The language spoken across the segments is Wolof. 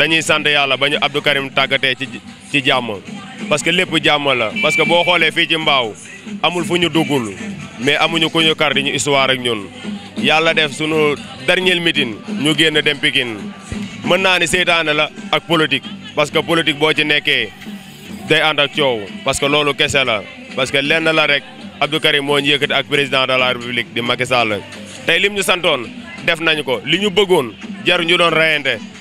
dañuy sante yalla bañu Abdou Karim tagate ci ci jamm parce que lepp jamm la parce que bo xolé fi ci mbaw amul fuñu dugul, mais amuñu kar di histoire ak ñun yalla def sunu dernier meeting ñu genn dem Pikine mën na ni seytaane la ak politique parce que politique bo ci nekké day and ak ciow parce que lolu kessé la parce que lenn la rek Abdou Karim mo ñëkëti ak président de la république di Macky Sall lim ñu santone def nañ ko li ñu bëggoon jaru ñu doon rayenté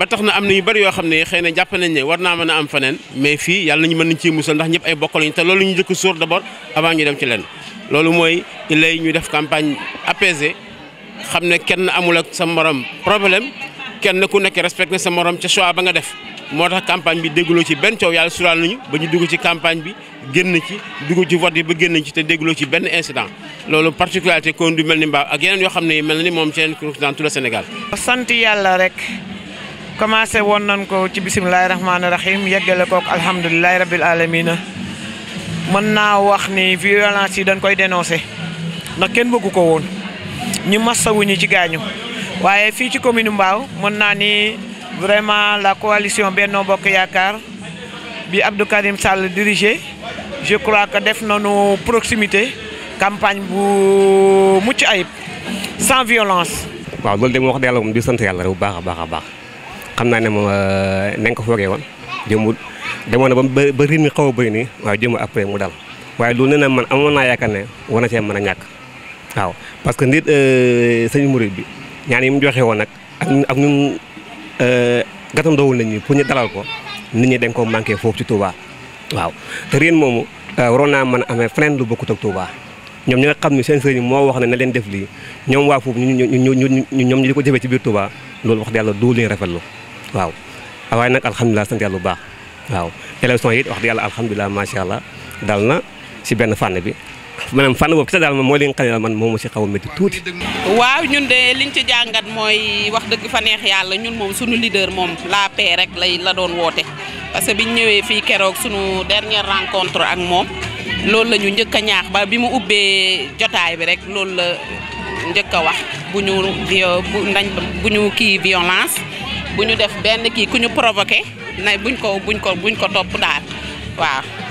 ba tax na am na yu bari yoo xam ne xëy na jàpp ne war naa mën a am feneen mais fii yàlla nañu mën nañ ciy musal ndax ñëpp ay bokk lañu te loolu ñu jëkk sóor d'abord avant ñu dem ci leen loolu mooy lay ñu def campagne apaisée xam ne kenn amul ak sa morom problème kenn ku nekk respecté sa moroom ca choix ba nga def moo tax campagne bi dégguloo ci benn coow yàlla suraal nañu ba ñu dugg ci campagne bi génn ci dugg ci vote yi ba génn ci te dégguloo ci benn incident loolu particularité commune du mel ni Mbao ak yeneen yoo xam ne mel na ni moom ci yeneen tout le Sénégal. commencé woon nañ ko ci bisimilahi rahmaani rahim yeggale kook alhamdulilahi rabil alamina mën naa wax ni violence yi dañ koy dénoncé ndax kenn bëggu ko woon ñu massawuñu ci gaañu waaye fii ci commune mbaaw mën naa ni vraiment la coalition Benno Bokk Yaakaar bi Abdou Karim Sall dirigé je crois que def nañu proximité campagne bu mucc ayib sans violence. waaw loolu de wax dëgg yàlla moom di sant yàlla rek bu baax a baax a baax. xam naa ne moom euh, na nga ko foogee woon jëmmu demoon na ba ba rythme xaw a bëri nii waaye jëmmu après mu dal waaye loolu nee na man amoon naa yaakaar ne war na cee mën a ñàkk waaw parce que nit euh, sëñ murid bi ñaan yi mu joxee woon nag ak ak ñun euh, gàttandoowul nañ ñu pour ñu dalal ko nit ñu dañ ko manqué foofu ci Touba waaw te ren moomu waroon naa mën a amee feneen lu bokkut ak ñoom ñi nga xam ne seen sëriñ moo wax ne na leen def lii ñoom waa foofu ñu ñu ñu ñu ñoom ñu di ko jëfee ci biir Touba loolu wax dëgg yàlla du leen rafetlu waaw waaye nag alhamdulilah sant yàlla bu baax waaw élection yi wax dëgg yàlla alhamdulilah macha allah dal na si benn fànn bi maanaam fànn boobu sax daal moom mooy li nga man moom si xaw a métti tuuti. waaw ñun de liñ ci jàngat mooy wax dëgg fa neex yàlla ñun moom suñu leader moom la paix rek lay la doon woote parce que biñ ñëwee fii keroog suñu dernière rencontre ak moom loolu la ñu njëkk a ñaax ba bi mu ubbee jotaay bi rek loolu la njëkk a wax bu ñu bu ñu kii violence. bu ñu def benn kii ku ñu provoqué na buñ ko buñ ko buñ ko topp daal waaw